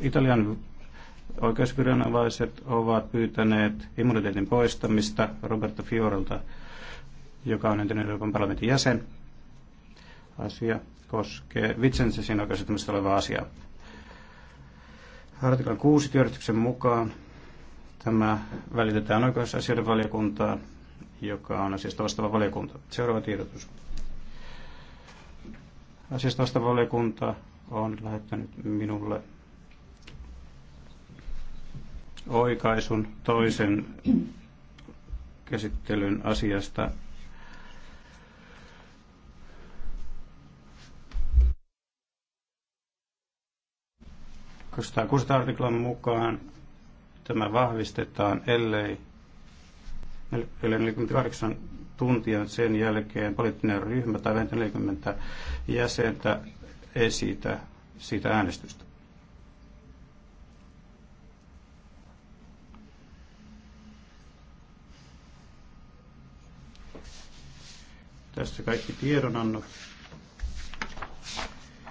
Italian oikeusviranomaiset ovat pyytäneet immuniteetin poistamista Roberto Fiorelta, joka on entinen Euroopan parlamentin jäsen. Asia koskee Vicensesin oikeusjuttumista olevaa asiaa. Artiklan 6 työjärjestyksen mukaan tämä välitetään oikeusasioiden valiokuntaan, joka on asiasta vastaava valiokunta. Seuraava tiedotus. Asiasta vastaava valiokunta on lähettänyt minulle oikaisun toisen käsittelyn asiasta. Kustaa artiklan mukaan tämä vahvistetaan, ellei 48 tuntia sen jälkeen poliittinen ryhmä tai 40 jäsentä esitä siitä äänestystä. Tässä kaikki tiedonannot.